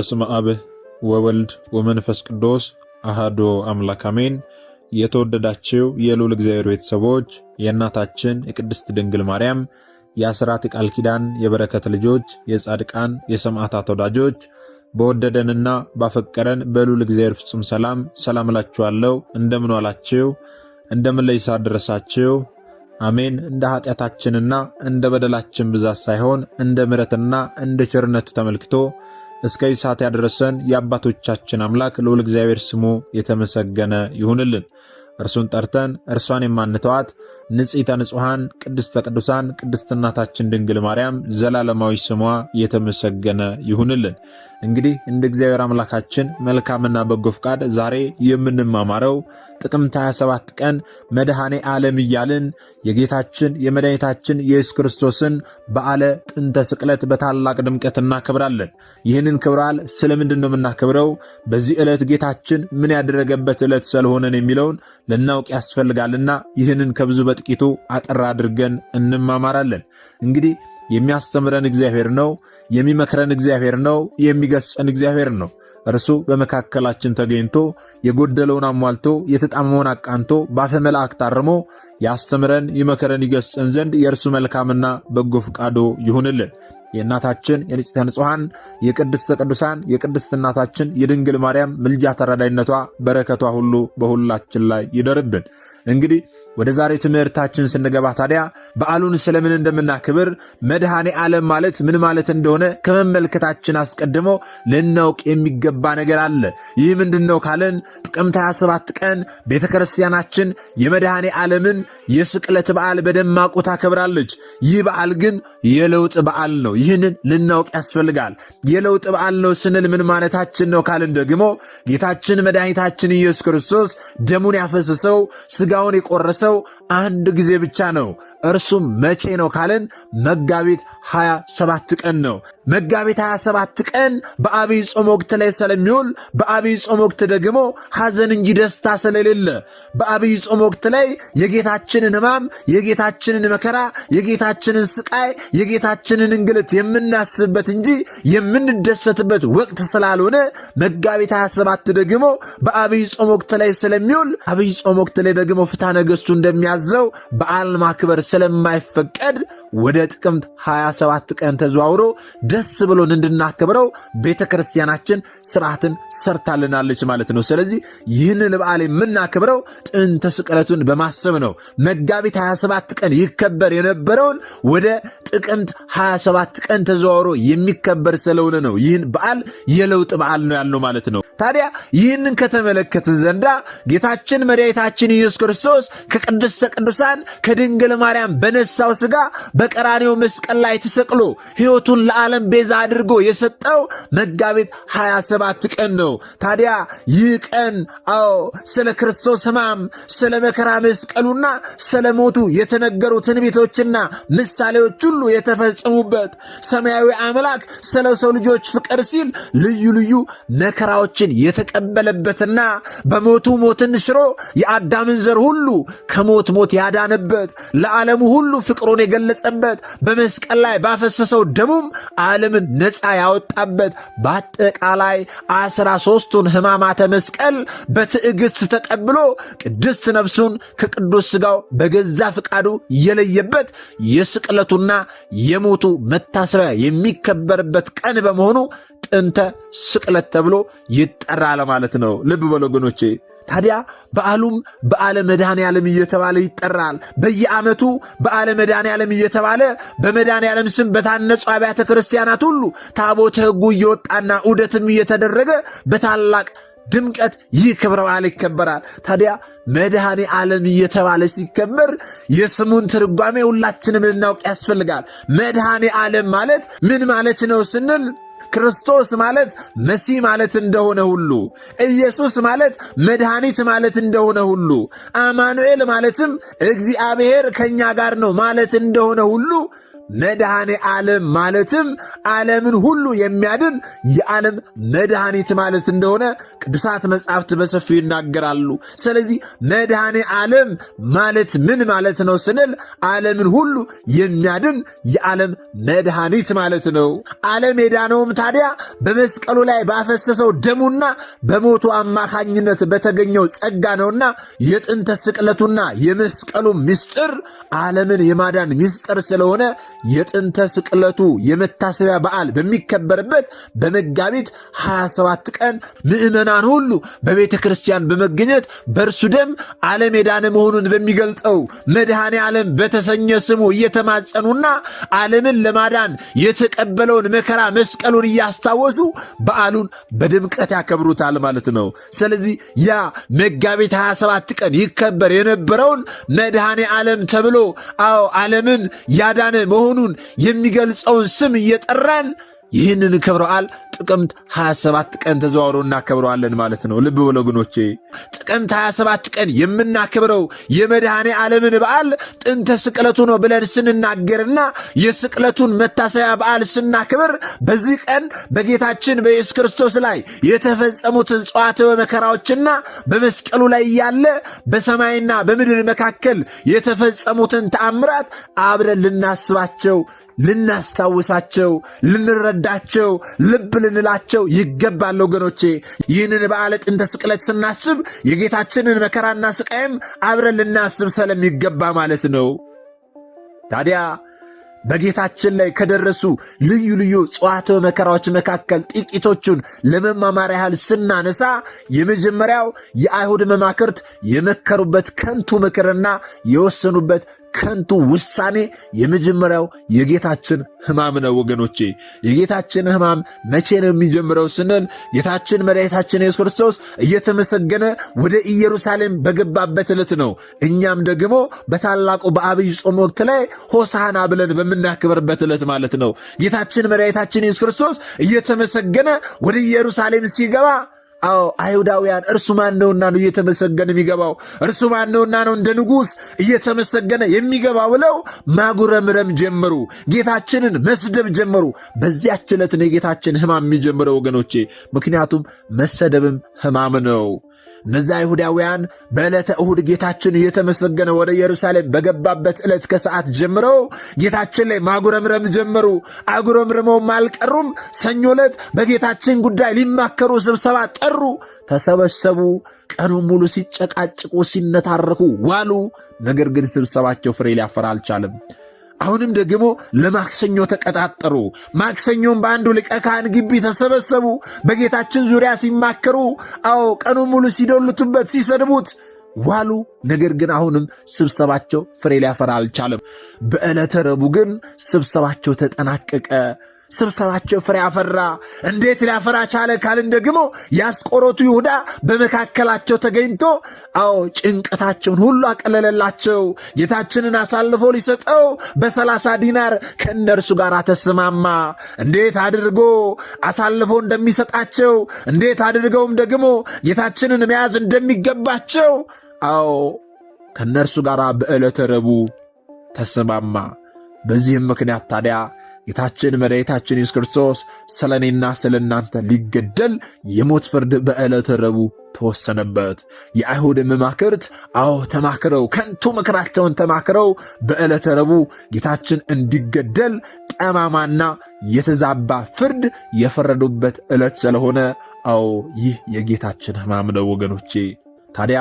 በስመ አብ ወወልድ ወመንፈስ ቅዱስ አሃዶ አምላክ አሜን። የተወደዳችሁ የልዑል እግዚአብሔር ቤተሰቦች የእናታችን የቅድስት ድንግል ማርያም የአስራት ቃል ኪዳን የበረከት ልጆች የጻድቃን የሰማዕታት ወዳጆች በወደደንና ባፈቀረን በልዑል እግዚአብሔር ፍጹም ሰላም ሰላም እላችኋለሁ። እንደምን ዋላችሁ? እንደምን ለይሳ ደረሳችሁ? አሜን። እንደ ኃጢአታችንና እንደ በደላችን ብዛት ሳይሆን እንደ ምሕረትና እንደ ቸርነቱ ተመልክቶ እስከዚህ ሰዓት ያደረሰን የአባቶቻችን አምላክ ልዑል እግዚአብሔር ስሙ የተመሰገነ ይሁንልን። እርሱን ጠርተን እርሷን የማንተዋት ንጽሕተ ንጹሐን ቅድስተ ቅዱሳን ቅድስት እናታችን ድንግል ማርያም ዘላለማዊ ስሟ የተመሰገነ ይሁንልን። እንግዲህ እንደ እግዚአብሔር አምላካችን መልካምና በጎ ፍቃድ ዛሬ የምንማማረው ጥቅምት 27 ቀን መድኃኔ ዓለም እያልን የጌታችን የመድኃኒታችን የኢየሱስ ክርስቶስን በዓለ ጥንተ ስቅለት በታላቅ ድምቀት እናከብራለን። ይህንን ክብረ በዓል ስለምንድን ነው የምናከብረው? በዚህ ዕለት ጌታችን ምን ያደረገበት ዕለት ስለሆነን የሚለውን ልናውቅ ያስፈልጋልና ይህንን ከብዙ በ በጥቂቱ አጠር አድርገን እንማማራለን። እንግዲህ የሚያስተምረን እግዚአብሔር ነው፣ የሚመክረን እግዚአብሔር ነው፣ የሚገስጸን እግዚአብሔር ነው። እርሱ በመካከላችን ተገኝቶ የጎደለውን አሟልቶ የተጣመመውን አቃንቶ በአፈ መላእክት አርሞ ያስተምረን ይመክረን ይገስጸን ዘንድ የእርሱ መልካምና በጎ ፈቃዱ ይሁንልን። የእናታችን የንጽሕተ ንጹሐን የቅድስተ ቅዱሳን የቅድስት እናታችን የድንግል ማርያም ምልጃ ተራዳይነቷ በረከቷ ሁሉ በሁላችን ላይ ይደርብን። እንግዲህ ወደ ዛሬ ትምህርታችን ስንገባ ታዲያ በዓሉን ስለምን እንደምናክብር መድኃኔ ዓለም ማለት ምን ማለት እንደሆነ ከመመልከታችን አስቀድሞ ልናውቅ የሚገባ ነገር አለ። ይህ ምንድን ነው ካለን ጥቅምት 27 ቀን ቤተ ክርስቲያናችን የመድኃኔ ዓለምን የስቅለት በዓል በደማቁ ታከብራለች። ይህ በዓል ግን የለውጥ በዓል ነው። ይህንን ልናውቅ ያስፈልጋል። የለውጥ በዓል ነው ስንል ምን ማለታችን ነው ካልን ደግሞ ጌታችን መድኃኒታችን ኢየሱስ ክርስቶስ ደሙን ያፈሰሰው ስጋውን የቆረሰው know አንድ ጊዜ ብቻ ነው። እርሱም መቼ ነው ካለን መጋቢት 27 ቀን ነው። መጋቢት 27 ቀን በአብይ ጾም ወቅት ላይ ስለሚውል በአብይ ጾም ወቅት ደግሞ ሐዘን እንጂ ደስታ ስለሌለ በአብይ ጾም ወቅት ላይ የጌታችንን ሕማም፣ የጌታችንን መከራ፣ የጌታችንን ስቃይ፣ የጌታችንን እንግልት የምናስብበት እንጂ የምንደሰትበት ወቅት ስላልሆነ መጋቢት 27 ደግሞ በአብይ ጾም ወቅት ላይ ስለሚውል አብይ ጾም ወቅት ላይ ደግሞ ፍትሐ ነገሥቱ እንደሚያ ስለታዘው በዓል ማክበር ስለማይፈቀድ ወደ ጥቅምት 27 ቀን ተዘዋውሮ ደስ ብሎን እንድናከብረው ቤተ ክርስቲያናችን ስርዓትን ሰርታልናለች ማለት ነው። ስለዚህ ይህንን በዓል የምናከብረው ጥንተ ስቅለቱን በማሰብ ነው። መጋቢት 27 ቀን ይከበር የነበረውን ወደ ጥቅምት 27 ቀን ተዘዋውሮ የሚከበር ስለሆነ ነው። ይህን በዓል የለውጥ በዓል ነው ያልነው ማለት ነው። ታዲያ ይህንን ከተመለከት ዘንዳ ጌታችን መድኃኒታችን ኢየሱስ ክርስቶስ ከቅድስተ ቅዱሳን ከድንግል ማርያም በነሳው ሥጋ በቀራኔው መስቀል ላይ ተሰቅሎ ሕይወቱን ለዓለም ቤዛ አድርጎ የሰጠው መጋቢት 27 ቀን ነው። ታዲያ ይህ ቀን አዎ ስለ ክርስቶስ ሕማም ስለ መከራ መስቀሉና ስለ ሞቱ የተነገሩ ትንቢቶችና ምሳሌዎች ሁሉ የተፈጸሙበት ሰማያዊ አምላክ ስለ ሰው ልጆች ፍቅር ሲል ልዩ ልዩ መከራዎችን ሞትን የተቀበለበትና በሞቱ ሞትን ሽሮ የአዳምን ዘር ሁሉ ከሞት ሞት ያዳነበት ለዓለሙ ሁሉ ፍቅሩን የገለጸበት በመስቀል ላይ ባፈሰሰው ደሙም ዓለምን ነፃ ያወጣበት በአጠቃላይ አስራ ሦስቱን ሕማማተ መስቀል በትዕግሥት ተቀብሎ ቅድስት ነፍሱን ከቅዱስ ሥጋው በገዛ ፍቃዱ የለየበት የስቅለቱና የሞቱ መታሰቢያ የሚከበርበት ቀን በመሆኑ ጥንተ ስቅለት ተብሎ ይጠራል ማለት ነው። ልብ በሉ ወገኖቼ። ታዲያ በዓሉም በዓለ መድኃኔ ዓለም እየተባለ ይጠራል። በየዓመቱ በዓለ መድኃኔ ዓለም እየተባለ በመድኃኔ ዓለም ስም በታነጹ አብያተ ክርስቲያናት ሁሉ ታቦተ ሕጉ እየወጣና ዑደትም እየተደረገ በታላቅ ድምቀት ይህ ክብረ በዓል ይከበራል። ታዲያ መድኃኔ ዓለም እየተባለ ሲከበር የስሙን ትርጓሜ ሁላችንም ልናውቅ ያስፈልጋል። መድኃኔ ዓለም ማለት ምን ማለት ነው ስንል ክርስቶስ ማለት መሲህ ማለት እንደሆነ ሁሉ ኢየሱስ ማለት መድኃኒት ማለት እንደሆነ ሁሉ አማኑኤል ማለትም እግዚአብሔር ከእኛ ጋር ነው ማለት እንደሆነ ሁሉ መድኃኔ ዓለም ማለትም ዓለምን ሁሉ የሚያድን የዓለም መድኃኒት ማለት እንደሆነ ቅዱሳት መጻሕፍት በሰፊው ይናገራሉ። ስለዚህ መድኃኔ ዓለም ማለት ምን ማለት ነው ስንል ዓለምን ሁሉ የሚያድን የዓለም መድኃኒት ማለት ነው። ዓለም የዳነውም ታዲያ በመስቀሉ ላይ ባፈሰሰው ደሙና በሞቱ አማካኝነት በተገኘው ጸጋ ነውና የጥንተ ስቅለቱና የመስቀሉ ምስጢር ዓለምን የማዳን ምስጢር ስለሆነ የጥንተ ስቅለቱ የመታሰቢያ በዓል በሚከበርበት በመጋቢት 27 ቀን ምዕመናን ሁሉ በቤተ ክርስቲያን በመገኘት በእርሱ ደም ዓለም የዳነ መሆኑን በሚገልጠው መድኃኔ ዓለም በተሰኘ ስሙ እየተማጸኑና ዓለምን ለማዳን የተቀበለውን መከራ መስቀሉን እያስታወሱ በዓሉን በድምቀት ያከብሩታል ማለት ነው። ስለዚህ ያ መጋቢት 27 ቀን ይከበር የነበረውን መድኃኔ ዓለም ተብሎ አዎ ዓለምን ያዳነ መሆኑ መሆኑን የሚገልጸውን ስም እየጠራን ይህንን ክብረ በዓል ጥቅምት 27 ቀን ተዘዋውሮ እናከብረዋለን ማለት ነው። ልብ ብሎ ግኖቼ ጥቅምት 27 ቀን የምናከብረው የመድኃኔ ዓለምን በዓል ጥንተ ስቅለቱ ነው ብለን ስንናገርና የስቅለቱን መታሰቢያ በዓል ስናክብር በዚህ ቀን በጌታችን በኢየሱስ ክርስቶስ ላይ የተፈጸሙትን ጸዋት መከራዎችና በመስቀሉ ላይ ያለ በሰማይና በምድር መካከል የተፈጸሙትን ተአምራት አብረን ልናስባቸው ልናስታውሳቸው ልንረዳቸው ልብ ልንላቸው ይገባል። ወገኖቼ ይህንን በዓለ ጥንተ ስቅለት ስናስብ የጌታችንን መከራና ስቃይም አብረን ልናስብ ስለሚገባ ማለት ነው። ታዲያ በጌታችን ላይ ከደረሱ ልዩ ልዩ ጽዋተ መከራዎች መካከል ጥቂቶቹን ለመማማር ያህል ስናነሳ የመጀመሪያው የአይሁድ መማክርት የመከሩበት ከንቱ ምክርና የወሰኑበት ከንቱ ውሳኔ የመጀመሪያው የጌታችን ሕማም ነው። ወገኖቼ የጌታችን ሕማም መቼ ነው የሚጀምረው ስንል ጌታችን መድኃኒታችን ኢየሱስ ክርስቶስ እየተመሰገነ ወደ ኢየሩሳሌም በገባበት ዕለት ነው። እኛም ደግሞ በታላቁ በአብይ ጾም ወቅት ላይ ሆሳና ብለን በምናክብርበት ዕለት ማለት ነው። ጌታችን መድኃኒታችን ኢየሱስ ክርስቶስ እየተመሰገነ ወደ ኢየሩሳሌም ሲገባ አዎ አይሁዳውያን እርሱ ማን ነውና ነው እየተመሰገነ የሚገባው? እርሱ ማን ነውና ነው እንደ ንጉሥ እየተመሰገነ የሚገባው ብለው ማጉረምረም ጀመሩ። ጌታችንን መስደብ ጀመሩ። በዚያች ዕለት ነው የጌታችን ሕማም የሚጀምረው ወገኖቼ። ምክንያቱም መሰደብም ሕማም ነው። እነዚ አይሁዳውያን በዕለተ እሁድ ጌታችን እየተመሰገነ ወደ ኢየሩሳሌም በገባበት ዕለት ከሰዓት ጀምረው ጌታችን ላይ ማጉረምረም ጀመሩ። አጉረምርመውም አልቀሩም። ሰኞ ዕለት በጌታችን ጉዳይ ሊማከሩ ስብሰባ ጠሩ። ተሰበሰቡ። ቀኑን ሙሉ ሲጨቃጭቁ፣ ሲነታረኩ ዋሉ። ነገር ግን ስብሰባቸው ፍሬ ሊያፈራ አልቻለም። አሁንም ደግሞ ለማክሰኞ ተቀጣጠሩ። ማክሰኞም በአንዱ ሊቀ ካህን ግቢ ተሰበሰቡ። በጌታችን ዙሪያ ሲማከሩ፣ አዎ ቀኑ ሙሉ ሲደሉትበት፣ ሲሰድቡት ዋሉ። ነገር ግን አሁንም ስብሰባቸው ፍሬ ሊያፈራ አልቻለም። በዕለተ ረቡዕ ግን ስብሰባቸው ተጠናቀቀ። ስብሰባቸው ፍሬ አፈራ። እንዴት ሊያፈራ ቻለ ካልን ደግሞ የአስቆሮቱ ይሁዳ በመካከላቸው ተገኝቶ አዎ ጭንቀታቸውን ሁሉ አቀለለላቸው። ጌታችንን አሳልፎ ሊሰጠው በሰላሳ ዲናር ከእነርሱ ጋር ተስማማ። እንዴት አድርጎ አሳልፎ እንደሚሰጣቸው እንዴት አድርገውም ደግሞ ጌታችንን መያዝ እንደሚገባቸው አዎ ከእነርሱ ጋር በዕለተ ረቡዕ ተስማማ። በዚህም ምክንያት ታዲያ ጌታችን መድኃኒታችን ኢየሱስ ክርስቶስ ስለ እኔና ስለ እናንተ ሊገደል የሞት ፍርድ በዕለተ ረቡዕ ተወሰነበት። የአይሁድ መማክርት አዎ ተማክረው ከንቱ ምክራቸውን ተማክረው በዕለተ ረቡዕ ጌታችን እንዲገደል ጠማማና የተዛባ ፍርድ የፈረዱበት ዕለት ስለሆነ አዎ ይህ የጌታችን ሕማም ነው ወገኖቼ ታዲያ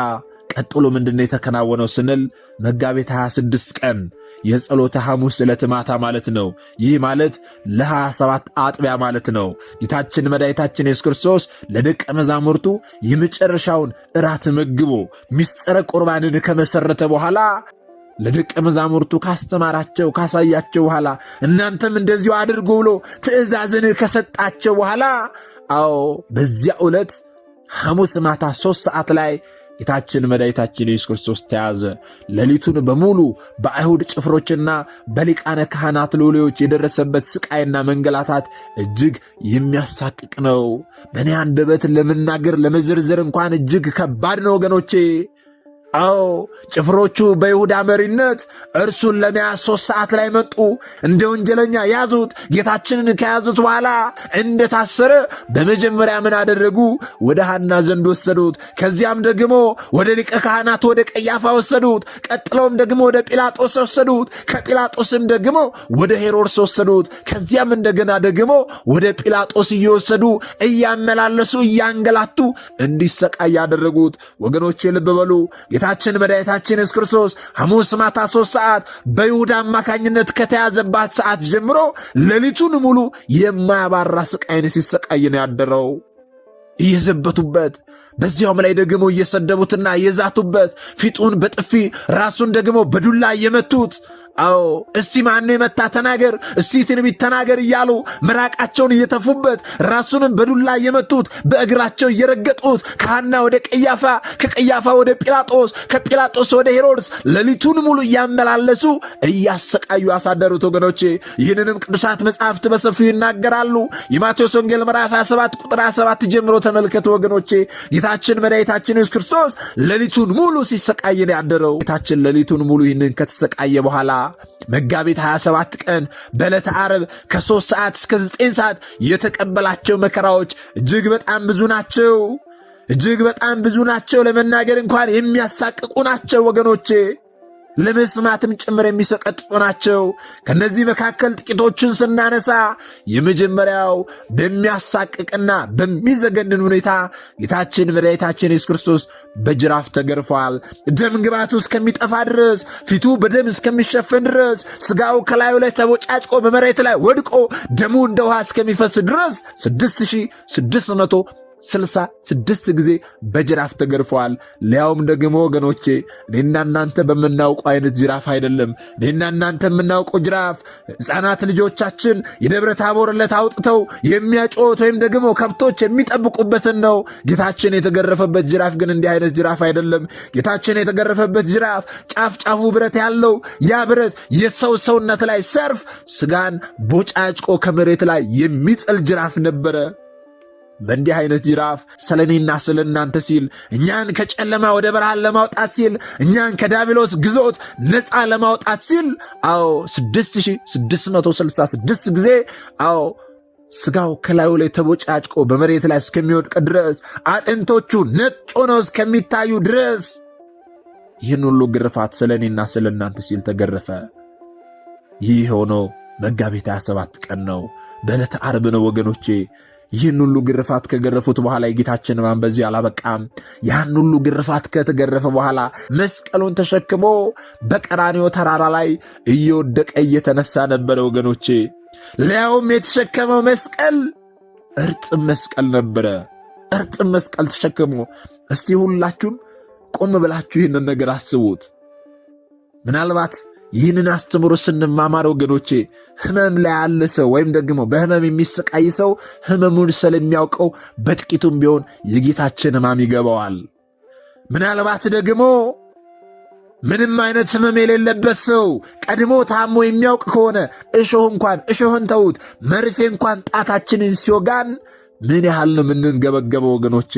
ቀጥሎ ምንድነው የተከናወነው ስንል መጋቢት 26 ቀን የጸሎተ ሐሙስ ዕለት ማታ ማለት ነው። ይህ ማለት ለ27 አጥቢያ ማለት ነው። ጌታችን መድኃኒታችን ኢየሱስ ክርስቶስ ለደቀ መዛሙርቱ የመጨረሻውን እራት መግቦ ምስጢረ ቁርባንን ከመሰረተ በኋላ ለደቀ መዛሙርቱ ካስተማራቸው ካሳያቸው በኋላ እናንተም እንደዚሁ አድርጉ ብሎ ትእዛዝን ከሰጣቸው በኋላ አዎ በዚያ ዕለት ሐሙስ ማታ ሦስት ሰዓት ላይ ጌታችን መድኃኒታችን ኢየሱስ ክርስቶስ ተያዘ። ሌሊቱን በሙሉ በአይሁድ ጭፍሮችና በሊቃነ ካህናት ሎሌዎች የደረሰበት ስቃይና መንገላታት እጅግ የሚያሳቅቅ ነው። በእኔ አንደበት ለመናገር ለመዘርዘር እንኳን እጅግ ከባድ ነው ወገኖቼ። አዎ ጭፍሮቹ በይሁዳ መሪነት እርሱን ለመያዝ ሦስት ሰዓት ላይ መጡ። እንደ ወንጀለኛ ያዙት። ጌታችንን ከያዙት በኋላ እንደታሰረ በመጀመሪያ ምን አደረጉ? ወደ ሐና ዘንድ ወሰዱት። ከዚያም ደግሞ ወደ ሊቀ ካህናት ወደ ቀያፋ ወሰዱት። ቀጥለውም ደግሞ ወደ ጲላጦስ ወሰዱት። ከጲላጦስም ደግሞ ወደ ሄሮድስ ወሰዱት። ከዚያም እንደገና ደግሞ ወደ ጲላጦስ እየወሰዱ እያመላለሱ እያንገላቱ እንዲሰቃይ ያደረጉት ወገኖቼ ልብ በሉ ጌታችን መድኃኒታችን ኢየሱስ ክርስቶስ ሐሙስ ማታ ሶስት ሰዓት በይሁዳ አማካኝነት ከተያዘባት ሰዓት ጀምሮ ሌሊቱን ሙሉ የማያባራ ስቃይን ሲሰቃይ ነው ያደረው። እየዘበቱበት በዚያውም ላይ ደግሞ እየሰደቡትና እየዛቱበት ፊቱን በጥፊ ራሱን ደግሞ በዱላ እየመቱት አዎ እስቲ ማነው የመታ ተናገር፣ እስቲ ትንቢት ተናገር እያሉ ምራቃቸውን እየተፉበት ራሱንም በዱላ እየመቱት በእግራቸው እየረገጡት ከሐና ወደ ቀያፋ፣ ከቀያፋ ወደ ጲላጦስ፣ ከጲላጦስ ወደ ሄሮድስ ሌሊቱን ሙሉ እያመላለሱ እያሰቃዩ አሳደሩት። ወገኖቼ ይህንንም ቅዱሳት መጽሐፍት በሰፊው ይናገራሉ። የማቴዎስ ወንጌል ምዕራፍ 27 ቁጥር 17 ጀምሮ ተመልከቱ ወገኖቼ። ጌታችን መድኃኒታችን ኢየሱስ ክርስቶስ ሌሊቱን ሙሉ ሲሰቃይ ነው ያደረው። ጌታችን ሌሊቱን ሙሉ ይህንን ከተሰቃየ በኋላ መጋቢት 27 ቀን በዕለተ ዓርብ ከሦስት ሰዓት እስከ 9 ሰዓት የተቀበላቸው መከራዎች እጅግ በጣም ብዙ ናቸው። እጅግ በጣም ብዙ ናቸው። ለመናገር እንኳን የሚያሳቅቁ ናቸው ወገኖቼ። ለመስማትም ጭምር የሚሰቀጥጡ ናቸው። ከእነዚህ መካከል ጥቂቶቹን ስናነሳ የመጀመሪያው በሚያሳቅቅና በሚዘገንን ሁኔታ ጌታችን መድኃኒታችን ኢየሱስ ክርስቶስ በጅራፍ ተገርፏል። ደም ግባቱ እስከሚጠፋ ድረስ፣ ፊቱ በደም እስከሚሸፈን ድረስ፣ ስጋው ከላዩ ላይ ተቦጫጭቆ በመሬት ላይ ወድቆ ደሙ እንደ ውሃ እስከሚፈስ ድረስ ስድስት ስልሳ ስድስት ጊዜ በጅራፍ ተገርፈዋል። ሊያውም ደግሞ ወገኖቼ እኔና እናንተ በምናውቁ አይነት ጅራፍ አይደለም። እኔና እናንተ የምናውቀው ጅራፍ ሕፃናት ልጆቻችን የደብረ ታቦር ዕለት አውጥተው የሚያጮት ወይም ደግሞ ከብቶች የሚጠብቁበትን ነው። ጌታችን የተገረፈበት ጅራፍ ግን እንዲህ አይነት ጅራፍ አይደለም። ጌታችን የተገረፈበት ጅራፍ ጫፍ ጫፉ ብረት ያለው ያ ብረት የሰው ሰውነት ላይ ሰርፍ ስጋን ቦጫጭቆ ከመሬት ላይ የሚጥል ጅራፍ ነበረ። በእንዲህ አይነት ጅራፍ ስለ እኔና ስለ እናንተ ሲል እኛን ከጨለማ ወደ ብርሃን ለማውጣት ሲል እኛን ከዳቢሎስ ግዞት ነፃ ለማውጣት ሲል አዎ 6666 ጊዜ አዎ ስጋው ከላዩ ላይ ተቦጫጭቆ በመሬት ላይ እስከሚወድቅ ድረስ አጥንቶቹ ነጭ ሆነው እስከሚታዩ ድረስ ይህን ሁሉ ግርፋት ስለ እኔና ስለ እናንተ ሲል ተገረፈ። ይህ ሆኖ መጋቢት 27 ቀን ነው። በዕለተ ዓርብ ነው ወገኖቼ ይህን ሁሉ ግርፋት ከገረፉት በኋላ የጌታችን ማን በዚህ አላበቃም። ያን ሁሉ ግርፋት ከተገረፈ በኋላ መስቀሉን ተሸክሞ በቀራንዮ ተራራ ላይ እየወደቀ እየተነሳ ነበረ ወገኖቼ። ሊያውም የተሸከመው መስቀል እርጥም መስቀል ነበረ። እርጥም መስቀል ተሸክሞ እስቲ ሁላችሁም ቆም ብላችሁ ይህንን ነገር አስቡት። ምናልባት ይህንን አስተምሮ ስንማማር ወገኖቼ ህመም ላይ ያለ ሰው ወይም ደግሞ በህመም የሚሰቃይ ሰው ህመሙን ስለሚያውቀው በጥቂቱም ቢሆን የጌታችን ህማም ይገባዋል። ምናልባት ደግሞ ምንም አይነት ህመም የሌለበት ሰው ቀድሞ ታሞ የሚያውቅ ከሆነ እሾህ እንኳን እሾህን ተዉት፣ መርፌ እንኳን ጣታችንን ሲወጋን ምን ያህል ነው የምንገበገበው ወገኖቼ?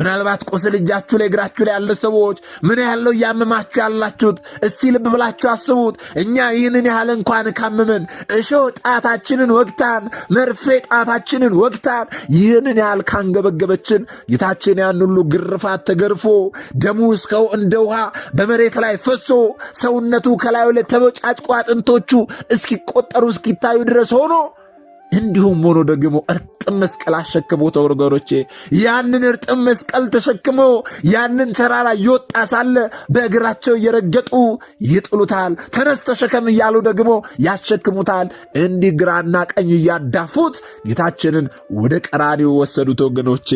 ምናልባት ቁስል እጃችሁ ላይ እግራችሁ ላይ ያለ ሰዎች ምን ያለው እያመማችሁ ያላችሁት እስቲ ልብ ብላችሁ አስቡት። እኛ ይህንን ያህል እንኳን ካመመን እሾህ ጣታችንን ወግታን፣ መርፌ ጣታችንን ወግታን፣ ይህንን ያህል ካንገበገበችን ጌታችን ያን ሁሉ ግርፋት ተገርፎ ደሙ እስከው እንደ ውሃ በመሬት ላይ ፈሶ ሰውነቱ ከላዩ ላይ ተበጫጭቆ አጥንቶቹ እስኪቆጠሩ እስኪታዩ ድረስ ሆኖ እንዲሁም ሆኖ ደግሞ እርጥ መስቀል አሸክሞ ተወርገሮቼ ያንን እርጥም መስቀል ተሸክሞ ያንን ተራራ እየወጣ ሳለ በእግራቸው እየረገጡ ይጥሉታል። ተነስ ተሸከም እያሉ ደግሞ ያሸክሙታል። እንዲህ ግራና ቀኝ እያዳፉት ጌታችንን ወደ ቀራኒው ወሰዱት ወገኖቼ።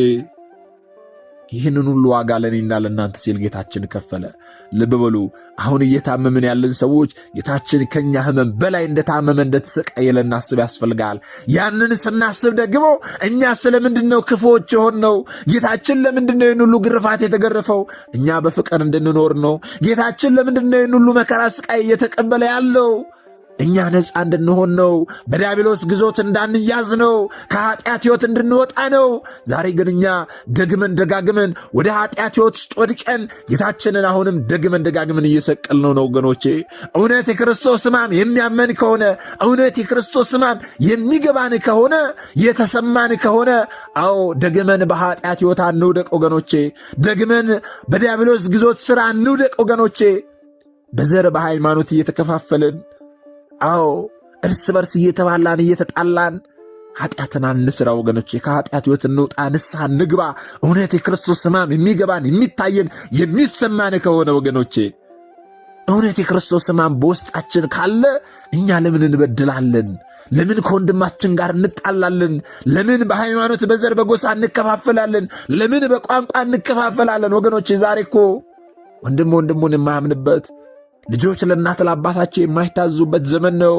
ይህንን ሁሉ ዋጋ ለእኔና ለእናንተ ሲል ጌታችን ከፈለ። ልብ በሉ። አሁን እየታመምን ያለን ሰዎች ጌታችን ከኛ ህመም በላይ እንደታመመ እንደተሰቃየ ልናስብ ያስፈልጋል። ያንን ስናስብ ደግሞ እኛ ስለምንድን ነው ክፉዎች ነው? ጌታችን ለምንድን ነው ይህን ሁሉ ግርፋት የተገረፈው? እኛ በፍቅር እንድንኖር ነው። ጌታችን ለምንድን ነው ይህን ሁሉ መከራ ስቃይ እየተቀበለ ያለው? እኛ ነፃ እንድንሆን ነው። በዲያብሎስ ግዞት እንዳንያዝ ነው። ከኃጢአት ሕይወት እንድንወጣ ነው። ዛሬ ግን እኛ ደግመን ደጋግመን ወደ ኃጢአት ሕይወት ውስጥ ወድቀን ጌታችንን አሁንም ደግመን ደጋግመን እየሰቀልነው ነው። ወገኖቼ እውነት የክርስቶስ ሕማም የሚያመን ከሆነ እውነት የክርስቶስ ሕማም የሚገባን ከሆነ የተሰማን ከሆነ አዎ ደግመን በኃጢአት ሕይወት አንውደቅ ወገኖቼ። ደግመን በዲያብሎስ ግዞት ሥራ አንውደቅ ወገኖቼ። በዘር በሃይማኖት እየተከፋፈልን አዎ እርስ በርስ እየተባላን እየተጣላን ኃጢአትን አንስራ ወገኖች። ከኃጢአት ሕይወት እንውጣ፣ ንስሐ ንግባ። እውነት የክርስቶስ ሕማም የሚገባን የሚታየን የሚሰማን ከሆነ ወገኖቼ እውነት የክርስቶስ ሕማም በውስጣችን ካለ እኛ ለምን እንበድላለን? ለምን ከወንድማችን ጋር እንጣላለን? ለምን በሃይማኖት በዘር በጎሳ እንከፋፈላለን? ለምን በቋንቋ እንከፋፈላለን? ወገኖቼ ዛሬ እኮ ወንድም ወንድሙን የማያምንበት ልጆች ለእናት ለአባታቸው የማይታዙበት ዘመን ነው።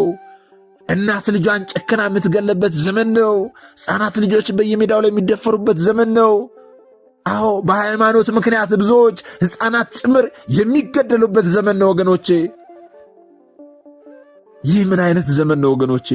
እናት ልጇን ጨክና የምትገለበት ዘመን ነው። ሕፃናት ልጆች በየሜዳው ላይ የሚደፈሩበት ዘመን ነው። አዎ በሃይማኖት ምክንያት ብዙዎች ሕፃናት ጭምር የሚገደሉበት ዘመን ነው ወገኖቼ። ይህ ምን አይነት ዘመን ነው ወገኖቼ?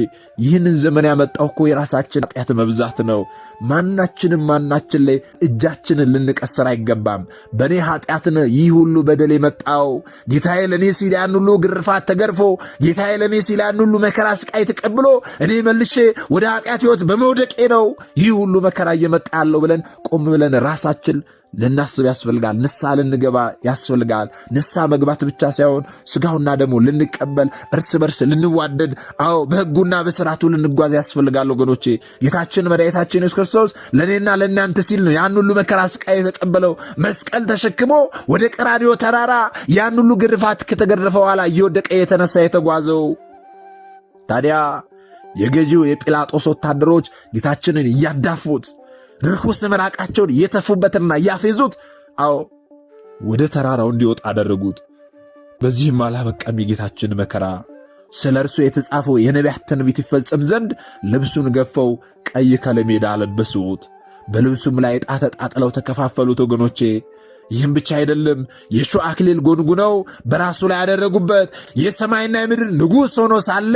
ይህንን ዘመን ያመጣው እኮ የራሳችን ኃጢአት መብዛት ነው። ማናችንም ማናችን ላይ እጃችንን ልንቀስር አይገባም። በእኔ ኃጢአት ነው ይህ ሁሉ በደል የመጣው። ጌታዬ ለእኔ ሲል ያን ሁሉ ግርፋት ተገርፎ፣ ጌታዬ ለእኔ ሲል ያን ሁሉ መከራ ስቃይ ተቀብሎ፣ እኔ መልሼ ወደ ኃጢአት ሕይወት በመውደቄ ነው ይህ ሁሉ መከራ እየመጣ ያለው ብለን ቆም ብለን ራሳችን ልናስብ ያስፈልጋል። ንስሐ ልንገባ ያስፈልጋል። ንስሐ መግባት ብቻ ሳይሆን ስጋውና ደግሞ ልንቀበል፣ እርስ በርስ ልንዋደድ፣ አዎ በህጉና በስርዓቱ ልንጓዝ ያስፈልጋል። ወገኖቼ ጌታችን መድኃኒታችን ኢየሱስ ክርስቶስ ለእኔና ለእናንተ ሲል ነው ያን ሁሉ መከራ ስቃይ የተቀበለው። መስቀል ተሸክሞ ወደ ቀራንዮ ተራራ ያን ሁሉ ግርፋት ከተገረፈ በኋላ እየወደቀ የተነሳ የተጓዘው ታዲያ የገዢው የጲላጦስ ወታደሮች ጌታችንን እያዳፉት ርኩስ ምራቃቸውን የተፉበትና ያፌዙት፣ አዎ ወደ ተራራው እንዲወጣ አደረጉት። በዚህም አላበቃም። የጌታችን መከራ ስለ እርሱ የተጻፈው የነቢያት ትንቢት ይፈጸም ዘንድ ልብሱን ገፈው ቀይ ከለሜዳ አለበሱት። በልብሱም ላይ ዕጣ ተጣጥለው ተከፋፈሉት። ወገኖቼ ይህም ብቻ አይደለም፣ የሾህ አክሊል ጎንጉነው በራሱ ላይ ያደረጉበት። የሰማይና የምድር ንጉሥ ሆኖ ሳለ፣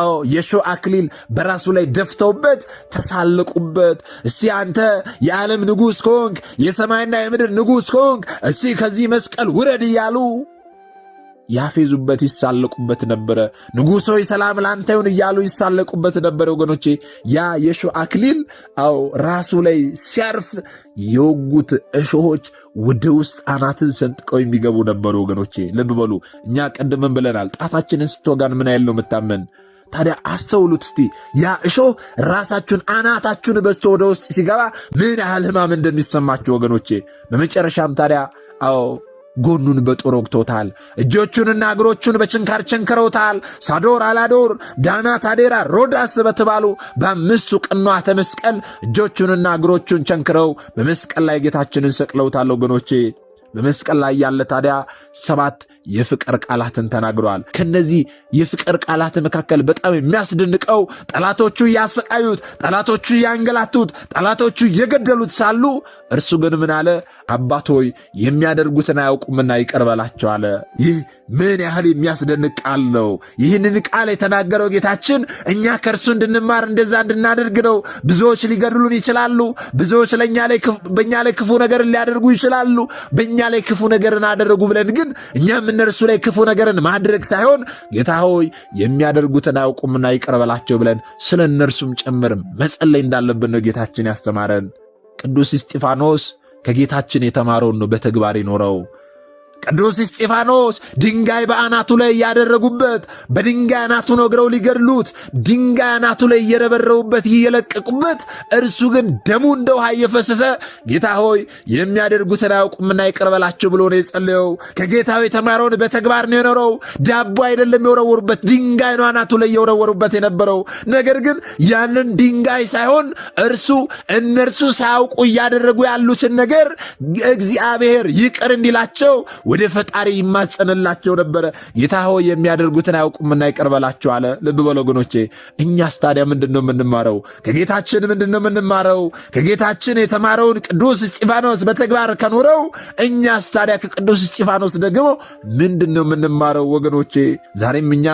አዎ የሾህ አክሊል በራሱ ላይ ደፍተውበት ተሳለቁበት። እስቲ አንተ የዓለም ንጉሥ ከሆንክ፣ የሰማይና የምድር ንጉሥ ከሆንክ፣ እስቲ ከዚህ መስቀል ውረድ እያሉ ያፌዙበት ይሳለቁበት ነበረ። ንጉሥ ሆይ ሰላም ላንተ ይሁን እያሉ ይሳለቁበት ነበረ። ወገኖቼ ያ የእሾህ አክሊል አዎ ራሱ ላይ ሲያርፍ የወጉት እሾሆች ወደ ውስጥ አናትን ሰንጥቀው የሚገቡ ነበሩ። ወገኖቼ ልብ በሉ። እኛ ቀድምን ብለናል። ጣታችንን ስትወጋን ምን ያህል ነው የምታመን? ታዲያ አስተውሉት እስቲ ያ እሾህ ራሳችሁን አናታችሁን በስቶ ወደ ውስጥ ሲገባ ምን ያህል ህማም እንደሚሰማችሁ ወገኖቼ። በመጨረሻም ታዲያ አዎ ጎኑን በጦር ወግቶታል። እጆቹንና እግሮቹን በችንካር ቸንክረውታል። ሳዶር አላዶር፣ ዳና፣ ታዴራ፣ ሮዳስ በተባሉ በአምስቱ ቅኗተ መስቀል እጆቹንና እግሮቹን ቸንክረው በመስቀል ላይ ጌታችንን ሰቅለውታል። ወገኖቼ በመስቀል ላይ ያለ ታዲያ ሰባት የፍቅር ቃላትን ተናግረዋል። ከነዚህ የፍቅር ቃላት መካከል በጣም የሚያስደንቀው ጠላቶቹ እያሰቃዩት ጠላቶቹ እያንገላቱት፣ ጠላቶቹ እየገደሉት ሳሉ እርሱ ግን ምን አለ? አባት ሆይ የሚያደርጉትን አያውቁምና ይቅር በላቸው አለ። ይህ ምን ያህል የሚያስደንቅ ቃል ነው! ይህንን ቃል የተናገረው ጌታችን እኛ ከእርሱ እንድንማር እንደዛ እንድናደርግ ነው። ብዙዎች ሊገድሉን ይችላሉ። ብዙዎች በእኛ ላይ ክፉ ነገርን ሊያደርጉ ይችላሉ። በእኛ ላይ ክፉ ነገርን አደረጉ ብለን ግን እኛም በእነርሱ ላይ ክፉ ነገርን ማድረግ ሳይሆን ጌታ ሆይ የሚያደርጉትን አያውቁምና ይቅር በላቸው ብለን ስለ እነርሱም ጭምርም መጸለይ እንዳለብን ነው ጌታችን ያስተማረን። ቅዱስ እስጢፋኖስ ከጌታችን የተማረውን ነው በተግባር ይኖረው። ቅዱስ እስጢፋኖስ ድንጋይ በአናቱ ላይ ያደረጉበት በድንጋይ አናቱ ነግረው ሊገድሉት ድንጋይ አናቱ ላይ እየረበረቡበት እየለቀቁበት፣ እርሱ ግን ደሙ እንደ ውሃ እየፈሰሰ ጌታ ሆይ የሚያደርጉትን አያውቁምና ይቅርበላቸው ብሎ ነው የጸለየው። ከጌታው የተማረውን በተግባር ነው የኖረው። ዳቦ አይደለም የወረወሩበት፣ ድንጋይ ነው አናቱ ላይ የወረወሩበት የነበረው። ነገር ግን ያንን ድንጋይ ሳይሆን እርሱ እነርሱ ሳያውቁ እያደረጉ ያሉትን ነገር እግዚአብሔር ይቅር እንዲላቸው ወደ ፈጣሪ ይማጸንላቸው ነበረ። ጌታ ሆይ የሚያደርጉትን አያውቁምና ይቅር በላቸው አለ። ልብ በሉ ወገኖቼ፣ እኛስ ታዲያ ምንድን ነው የምንማረው? ከጌታችን ምንድን ነው የምንማረው? ከጌታችን የተማረውን ቅዱስ እስጢፋኖስ በተግባር ከኖረው እኛስ ታዲያ ከቅዱስ እስጢፋኖስ ደግሞ ምንድን ነው የምንማረው? ወገኖቼ ዛሬም እኛ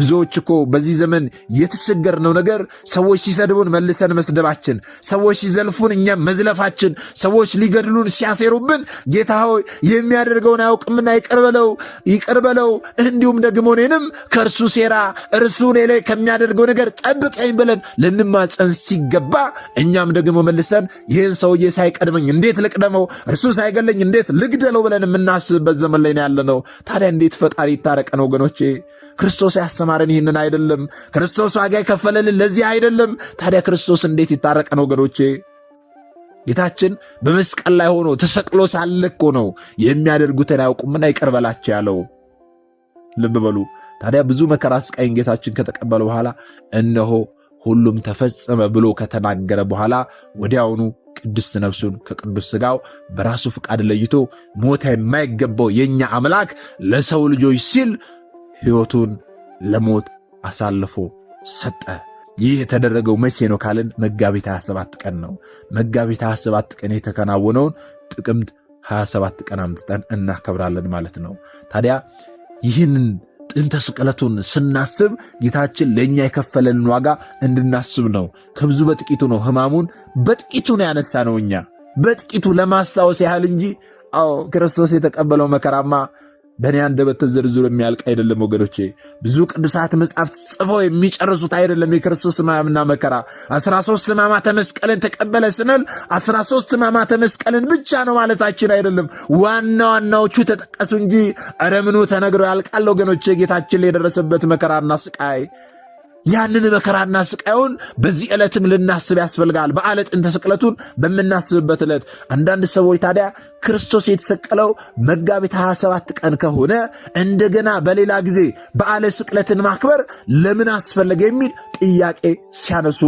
ብዙዎች እኮ በዚህ ዘመን የተቸገርነው ነገር ሰዎች ሲሰድቡን መልሰን መስደባችን፣ ሰዎች ሲዘልፉን እኛም መዝለፋችን፣ ሰዎች ሊገድሉን ሲያሴሩብን ጌታ ሆይ የሚያደርገውን አያውቅ አያውቅምና ይቅርበለው ይቅርበለው፣ እንዲሁም ደግሞ እኔንም ከእርሱ ሴራ እርሱ እኔ ላይ ከሚያደርገው ነገር ጠብቀኝ ብለን ልንማፀን ሲገባ እኛም ደግሞ መልሰን ይህን ሰውዬ ሳይቀድመኝ እንዴት ልቅደመው፣ እርሱ ሳይገለኝ እንዴት ልግደለው ብለን የምናስብበት ዘመን ላይ ያለ ነው። ታዲያ እንዴት ፈጣሪ ይታረቀን ወገኖቼ? ክርስቶስ ያስተማረን ይህንን አይደለም። ክርስቶስ ዋጋ የከፈለልን ለዚህ አይደለም። ታዲያ ክርስቶስ እንዴት ይታረቀን ወገኖቼ? ጌታችን በመስቀል ላይ ሆኖ ተሰቅሎ ሳለ እኮ ነው የሚያደርጉትን አያውቁምና ይቅር በላቸው ያለው። ልብ በሉ ታዲያ ብዙ መከራ ስቃይን ጌታችን ከተቀበለ በኋላ እነሆ ሁሉም ተፈጸመ ብሎ ከተናገረ በኋላ ወዲያውኑ ቅድስት ነፍሱን ከቅዱስ ስጋው በራሱ ፈቃድ ለይቶ ሞታ የማይገባው የእኛ አምላክ ለሰው ልጆች ሲል ሕይወቱን ለሞት አሳልፎ ሰጠ። ይህ የተደረገው መቼ ነው ካልን መጋቢት 27 ቀን ነው። መጋቢት 27 ቀን የተከናወነውን ጥቅምት 27 ቀን አምጥጠን እናከብራለን ማለት ነው። ታዲያ ይህንን ጥንተ ስቅለቱን ስናስብ ጌታችን ለእኛ የከፈለንን ዋጋ እንድናስብ ነው። ከብዙ በጥቂቱ ነው ሕማሙን በጥቂቱ ነው ያነሳ ነው እኛ በጥቂቱ ለማስታወስ ያህል እንጂ አዎ ክርስቶስ የተቀበለው መከራማ በእኔ አንደበት ተዘርዝሮ የሚያልቅ አይደለም ወገኖቼ። ብዙ ቅዱሳት መጻሕፍት ጽፈው የሚጨርሱት አይደለም። የክርስቶስ ሕማምና መከራ አስራ ሶስት ሕማማተ መስቀልን ተቀበለ ስንል አስራ ሶስት ሕማማተ መስቀልን ብቻ ነው ማለታችን አይደለም። ዋና ዋናዎቹ ተጠቀሱ እንጂ ረምኑ ተነግሮ ያልቃል ወገኖቼ። ጌታችን ላይ የደረሰበት መከራና ስቃይ ያንን መከራና ስቃዩን በዚህ ዕለትም ልናስብ ያስፈልጋል። በዓለ ጥንተ ስቅለቱን በምናስብበት ዕለት አንዳንድ ሰዎች ታዲያ ክርስቶስ የተሰቀለው መጋቢት 27 ቀን ከሆነ እንደገና በሌላ ጊዜ በዓለ ስቅለትን ማክበር ለምን አስፈለገ የሚል ጥያቄ ሲያነሱ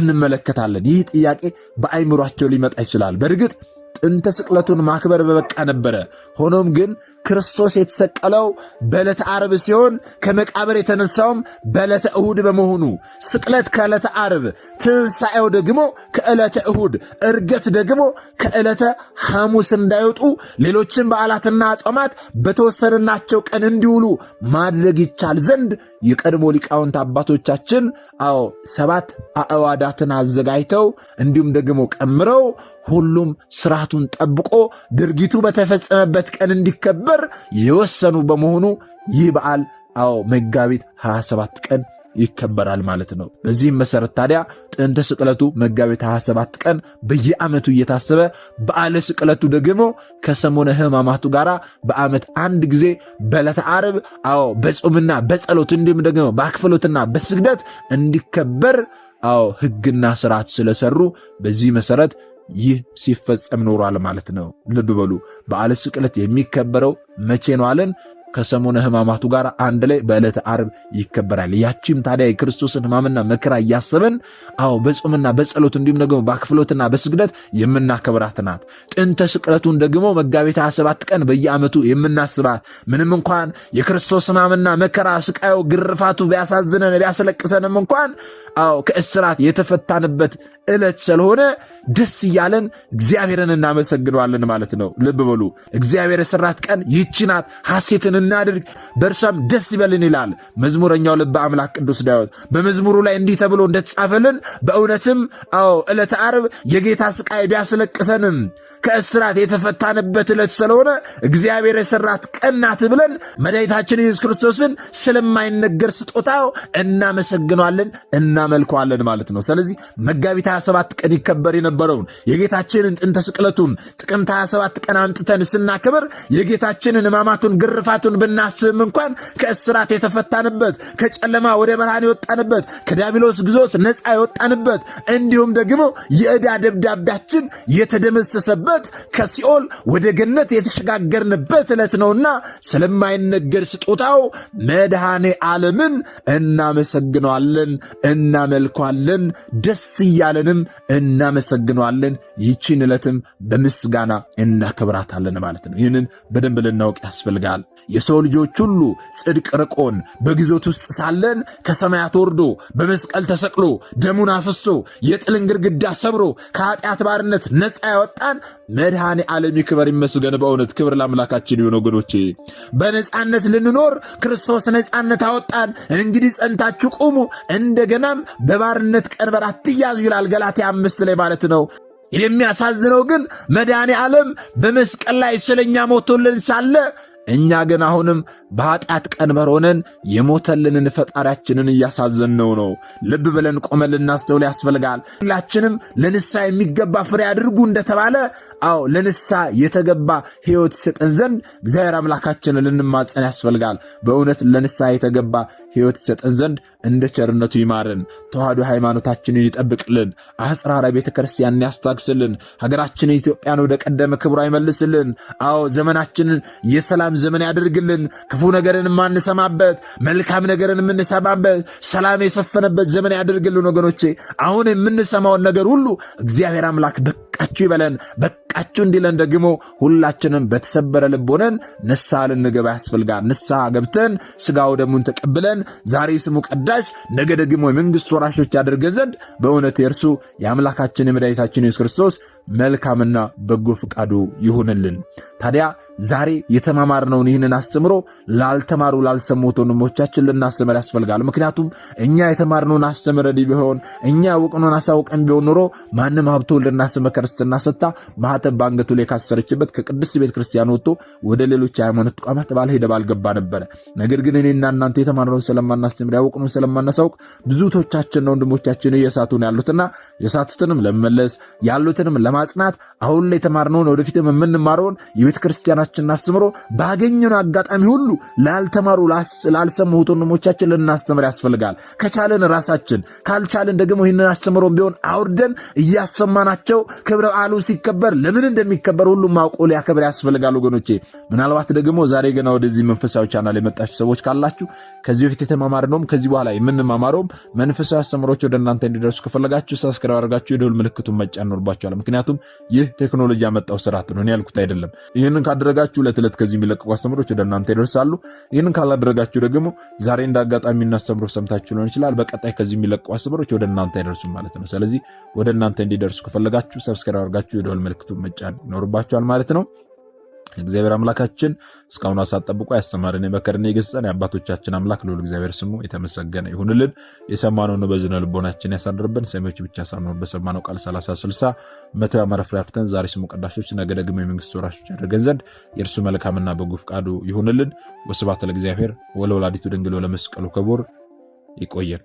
እንመለከታለን። ይህ ጥያቄ በአይምሯቸው ሊመጣ ይችላል። በእርግጥ ጥንተ ስቅለቱን ማክበር በበቃ ነበረ። ሆኖም ግን ክርስቶስ የተሰቀለው በዕለተ ዓርብ ሲሆን ከመቃብር የተነሳውም በዕለተ እሁድ በመሆኑ ስቅለት ከዕለተ ዓርብ፣ ትንሣኤው ደግሞ ከዕለተ እሁድ፣ እርገት ደግሞ ከዕለተ ሐሙስ እንዳይወጡ ሌሎችን በዓላትና አጾማት በተወሰነናቸው ቀን እንዲውሉ ማድረግ ይቻል ዘንድ የቀድሞ ሊቃውንት አባቶቻችን አዎ ሰባት አዕዋዳትን አዘጋጅተው እንዲሁም ደግሞ ቀምረው ሁሉም ስርዓቱን ጠብቆ ድርጊቱ በተፈጸመበት ቀን እንዲከበር የወሰኑ በመሆኑ ይህ በዓል አዎ መጋቢት 27 ቀን ይከበራል ማለት ነው። በዚህም መሰረት ታዲያ ጥንተ ስቅለቱ መጋቢት 27 ቀን በየዓመቱ እየታሰበ በዓለ ስቅለቱ ደግሞ ከሰሞነ ሕማማቱ ጋር በዓመት አንድ ጊዜ በዕለተ ዓርብ አዎ በጾምና በጸሎት እንዲሁም ደግሞ በአክፍሎትና በስግደት እንዲከበር አዎ ሕግና ስርዓት ስለሰሩ በዚህ መሰረት ይህ ሲፈጸም ኖሯል ማለት ነው። ልብ በሉ በዓለ ስቅለት የሚከበረው መቼ ነው አለን? ከሰሞነ ሕማማቱ ጋር አንድ ላይ በዕለተ ዓርብ ይከበራል። ያቺም ታዲያ የክርስቶስን ሕማምና መከራ እያሰብን አዎ በጾምና በጸሎት እንዲሁም ደግሞ በአክፍሎትና በስግደት የምናከብራት ናት። ጥንተ ስቅለቱን ደግሞ መጋቢት 27 ቀን በየዓመቱ የምናስባት ምንም እንኳን የክርስቶስ ሕማምና መከራ ስቃዩ፣ ግርፋቱ ቢያሳዝነን ቢያስለቅሰንም እንኳን አዎ ከእስራት የተፈታንበት ዕለት ስለሆነ ደስ እያለን እግዚአብሔርን እናመሰግነዋለን ማለት ነው። ልብ በሉ እግዚአብሔር የሰራት ቀን ይህች ናት፣ ሐሴትን እናድርግ በእርሷም ደስ ይበልን ይላል መዝሙረኛው ልበ አምላክ ቅዱስ ዳዊት። በመዝሙሩ ላይ እንዲህ ተብሎ እንደተጻፈልን በእውነትም አዎ ዕለተ ዓርብ የጌታ ስቃይ ቢያስለቅሰንም ከእስራት የተፈታንበት ዕለት ስለሆነ እግዚአብሔር የሰራት ቀን ናት ብለን መድኃኒታችን ኢየሱስ ክርስቶስን ስለማይነገር ስጦታው እናመሰግነዋለን እና እናመልከዋለን ማለት ነው። ስለዚህ መጋቢት 27 ቀን ይከበር የነበረውን የጌታችንን ጥንተ ስቅለቱን ጥቅምት 27 ቀን አምጥተን ስናክብር የጌታችንን ሕማማቱን ግርፋቱን ብናስብም እንኳን ከእስራት የተፈታንበት ከጨለማ ወደ ብርሃን የወጣንበት ከዲያብሎስ ግዞት ነፃ የወጣንበት እንዲሁም ደግሞ የዕዳ ደብዳቤያችን የተደመሰሰበት ከሲኦል ወደ ገነት የተሸጋገርንበት ዕለት ነውና ስለማይነገር ስጦታው መድኃኔ ዓለምን እናመሰግነዋለን። እናመልከዋለን፣ ደስ እያለንም እናመሰግነዋለን። ይቺን ዕለትም በምስጋና እናከብራታለን ማለት ነው። ይህንን በደንብ ልናውቅ ያስፈልጋል። የሰው ልጆች ሁሉ ጽድቅ ርቆን በግዞት ውስጥ ሳለን ከሰማያት ወርዶ በመስቀል ተሰቅሎ ደሙን አፍሶ የጥልን ግድግዳ ሰብሮ ከኃጢአት ባርነት ነፃ ያወጣን መድኃኔ ዓለም ይክበር ይመስገን። በእውነት ክብር ለአምላካችን ይሁን። ወገኖቼ በነፃነት ልንኖር ክርስቶስ ነፃነት አወጣን። እንግዲህ ጸንታችሁ ቁሙ፣ እንደገናም በባርነት ቀንበር አትያዙ ይላል ገላትያ አምስት ላይ ማለት ነው። የሚያሳዝነው ግን መድኃኔ ዓለም በመስቀል ላይ ስለኛ ሞቶልን ሳለ እኛ ግን አሁንም በኃጢአት ቀንበር ሆነን የሞተልንን ፈጣሪያችንን እያሳዘንነው ነው። ልብ ብለን ቆመን ልናስተውል ያስፈልጋል። ሁላችንም ለንሳ የሚገባ ፍሬ አድርጉ እንደተባለ፣ አዎ ለንሳ የተገባ ሕይወት ይሰጠን ዘንድ እግዚአብሔር አምላካችንን ልንማጸን ያስፈልጋል። በእውነት ለንሳ የተገባ ሕይወት ይሰጠን ዘንድ እንደ ቸርነቱ ይማርን፣ ተዋህዶ ሃይማኖታችንን ይጠብቅልን፣ አጽራረ ቤተ ክርስቲያንን ያስታግስልን፣ ሀገራችንን ኢትዮጵያን ወደ ቀደመ ክብሯ ይመልስልን። አዎ ዘመናችንን የሰላም ዘመን ያደርግልን። ክፉ ነገርን የማንሰማበት መልካም ነገርን የምንሰማበት ሰላም የሰፈነበት ዘመን ያደርግልን። ወገኖቼ አሁን የምንሰማውን ነገር ሁሉ እግዚአብሔር አምላክ በ። በቃችሁ ይበለን፣ በቃችሁ እንዲለን ደግሞ ሁላችንም በተሰበረ ልብ ሆነን ንስሐ ልንገባ ያስፈልጋል። ንስሐ ገብተን ስጋው ደሙን ተቀብለን ዛሬ ስሙ ቀዳሽ፣ ነገ ደግሞ የመንግስት ወራሾች ያደርገን ዘንድ በእውነት የእርሱ የአምላካችን የመድኃኒታችን ኢየሱስ ክርስቶስ መልካምና በጎ ፈቃዱ ይሁንልን። ታዲያ ዛሬ የተማማርነውን ይህንን አስተምሮ ላልተማሩ ላልሰሙት ወንድሞቻችን ልናስተምር ያስፈልጋል። ምክንያቱም እኛ የተማርነውን አስተምረን ቢሆን እኛ ያወቅነውን አሳውቀን ቢሆን ኖሮ ማንም ሀብቶ ልናስመከር ክርስትና ሰጥታ ማህተብ በአንገቱ ላይ ካሰረችበት ከቅድስት ቤተ ክርስቲያን ወጥቶ ወደ ሌሎች የሃይማኖት ተቋማት ባል ሄደ ባልገባ ነበረ። ነገር ግን እኔና እናንተ የተማርነውን ስለማናስተምር ያወቅነውን ስለማናሳውቅ ብዙቶቻችንና ወንድሞቻችን እየሳቱን ያሉትና የሳቱትንም ለመመለስ ያሉትንም ለማጽናት አሁን ላይ የተማርነውን ወደፊትም የምንማረውን የቤተ ክርስቲያናችንን አስተምሮ ባገኘነው አጋጣሚ ሁሉ ላልተማሩ ላልሰሙት ወንድሞቻችን ልናስተምር ያስፈልጋል። ከቻለን ራሳችን ካልቻለን ደግሞ ይህንን አስተምሮን ቢሆን አውርደን እያሰማናቸው ክብረ በዓሉ ሲከበር ለምን እንደሚከበር ሁሉም አውቆ ሊያከብር ያስፈልጋል ወገኖቼ። ምናልባት ደግሞ ዛሬ ገና ወደዚህ መንፈሳዊ ቻናል የመጣችሁ ሰዎች ካላችሁ ከዚህ በፊት የተማማርነውም ከዚህ በኋላ የምንማማረውም መንፈሳዊ አስተምሮች ወደ እናንተ እንዲደርሱ ከፈለጋችሁ ሳስክራ አድርጋችሁ የደውል ምልክቱን መጫን ይኖርባችኋል። ምክንያቱም ይህ ቴክኖሎጂ ያመጣው ስርዓት ነው፣ ያልኩት አይደለም። ይህንን ካደረጋችሁ ዕለት ዕለት ከዚህ የሚለቀቁ አስተምሮች ወደ እናንተ ይደርሳሉ። ይህንን ካላደረጋችሁ ደግሞ ዛሬ እንዳጋጣሚ እናስተምሮ ሰምታችሁ ሊሆን ይችላል። በቀጣይ ከዚህ የሚለቁ አስተምሮች ወደ እናንተ አይደርሱም ማለት ነው። ስለዚህ ወደ እናንተ እንዲደርሱ ከፈለጋችሁ ሰብስ ሰብስክራይብ አድርጋችሁ የደወል ምልክቱን መጫን ይኖርባችኋል ማለት ነው። እግዚአብሔር አምላካችን እስካሁን ሰዓት ጠብቆ ያስተማረን የመከረን የገሰጸን የአባቶቻችን አምላክ ልዑል እግዚአብሔር ስሙ የተመሰገነ ይሁንልን። የሰማነውን በዝነ ልቦናችን ያሳድርብን። ሰሚዎች ብቻ ሳንሆን በሰማነው ቃል ሰላሳ ስልሳ መቶ ያማረ ፍሬ አፍርተን ዛሬ ስሙ ቀዳሾች፣ ነገ ደግሞ የመንግስት ወራሾች ያደርገን ዘንድ የእርሱ መልካምና በጎ ፈቃዱ ይሁንልን። ወስብሐት ለእግዚአብሔር ወለወላዲቱ ድንግል ወለመስቀሉ ክቡር። ይቆየን።